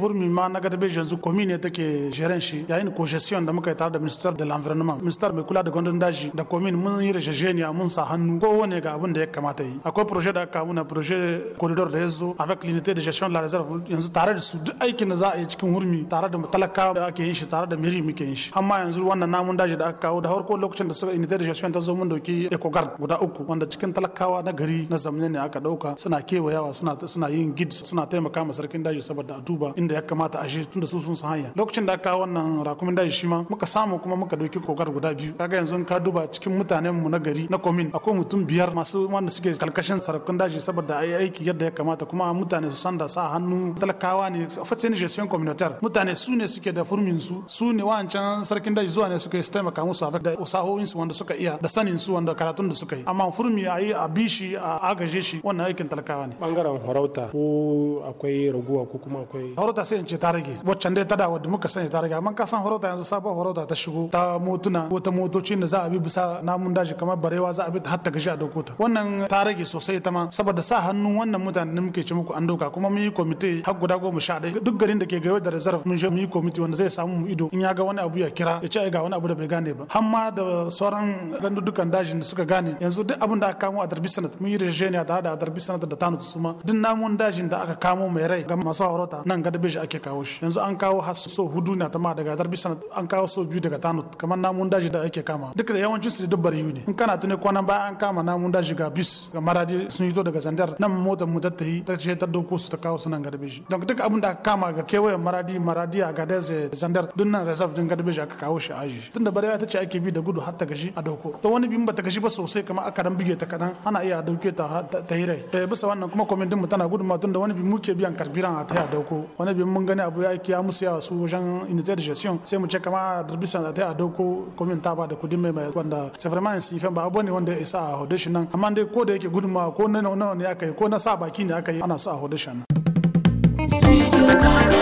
hurmi ma na gadabe janzu komi ne take jeren shi yayin ko gestion da muka yi tare da minister de l'environnement minister mai kula da gondon daji da komin mun yi rajajeniya mun sa hannu kowane ga abin da ya kamata yi akwai projet da aka muna projet corridor de ya zo avec l'unité de gestion de la réserve yanzu tare da su duk aikin da za a yi cikin hurmi tare da talaka da ake yin shi tare da miri muke yin shi amma yanzu wannan namun daji da aka kawo da harko lokacin da suka unité de gestion ta zo mun dauki ecogard guda uku wanda cikin talakawa na gari na zamne ne aka dauka suna kewayawa suna suna yin gid suna taimaka ma sarkin daji saboda a duba da ya kamata a shi tunda su sun san hanya lokacin da aka wannan rakumin daji shi ma muka samu kuma muka dauki kokar guda biyu kaga yanzu ka duba cikin mutanen mu na gari na komin akwai mutum biyar masu wanda suke kalkashin sarakun daji saboda ai aiki yadda ya kamata kuma mutane su san da sa hannu talakawa ne ne gestion communautaire mutane su ne suke da furmin su su ne wancan sarkin daji zuwa ne suke su taimaka musu da usahohin su wanda suka iya da sanin su wanda karatun da suka yi amma furmi ayi a bishi a agaje shi wannan aikin talakawa ne bangaren harauta ko akwai raguwa ko kuma akwai horota sai in ce ta waccan dai ta da wadda muka sani ta amma ka san horota yanzu sabon horota ta shigo ta motuna ko ta motoci da za a bi bisa namun daji kamar barewa za a bi ta har ta gashi a dauko ta wannan ta rage sosai ta ma saboda sa hannun wannan mutanen da muke ci muku an dauka kuma mun yi komite har guda goma sha ɗaya duk garin da ke gawe da reserve mun je mun yi komite wanda zai samu mu ido in ya ga wani abu ya kira ya ce ga wani abu da bai gane ba har ma da sauran gandudukan dajin da suka gane yanzu duk abin da aka kamo a darbi sanat mun yi rejeniya tare da darbi sanat da tanut suma duk namun dajin da aka kamo mai rai ga masu horota nan gadabe shi ake kawo shi yanzu an kawo har so hudu na ta ma daga darbi sana an kawo so biyu daga tanut kamar namun daji da ake kama duk da yawancin su da dubbar yu ne in kana tuni kwanan baya an kama namun daji ga bis ga maradi sun hito daga zandar nan motar mu ta tahi ta ce ta dauko su ta kawo su nan garbeji don duk abin da aka kama ga kewayen maradi maradi a gadez eh, zandar duk nan reserve din garbeji aka kawo shi aji da barewa ta ce ake bi da gudu har ta gashi a dauko to wani bin ba ta gashi ba sosai kamar aka dan bige ta kadan ana iya dauke ta ta hirai eh, bisa wannan kuma komendin mu tana gudunma tunda wani bi muke biyan karbiran a ta dauko wani biyu mun gani abu ya aiki ya musu yawa su wajen unité de gestion sai mu ce kama da da ta dauko komin ta ba da kudin mai wanda c'est si un sifen ba abu ne wanda ya sa a hode shi nan amma dai ko da yake gudunmawa ko na nawa ne aka yi ko na sa baki ne aka yi ana sa a hode shi nan.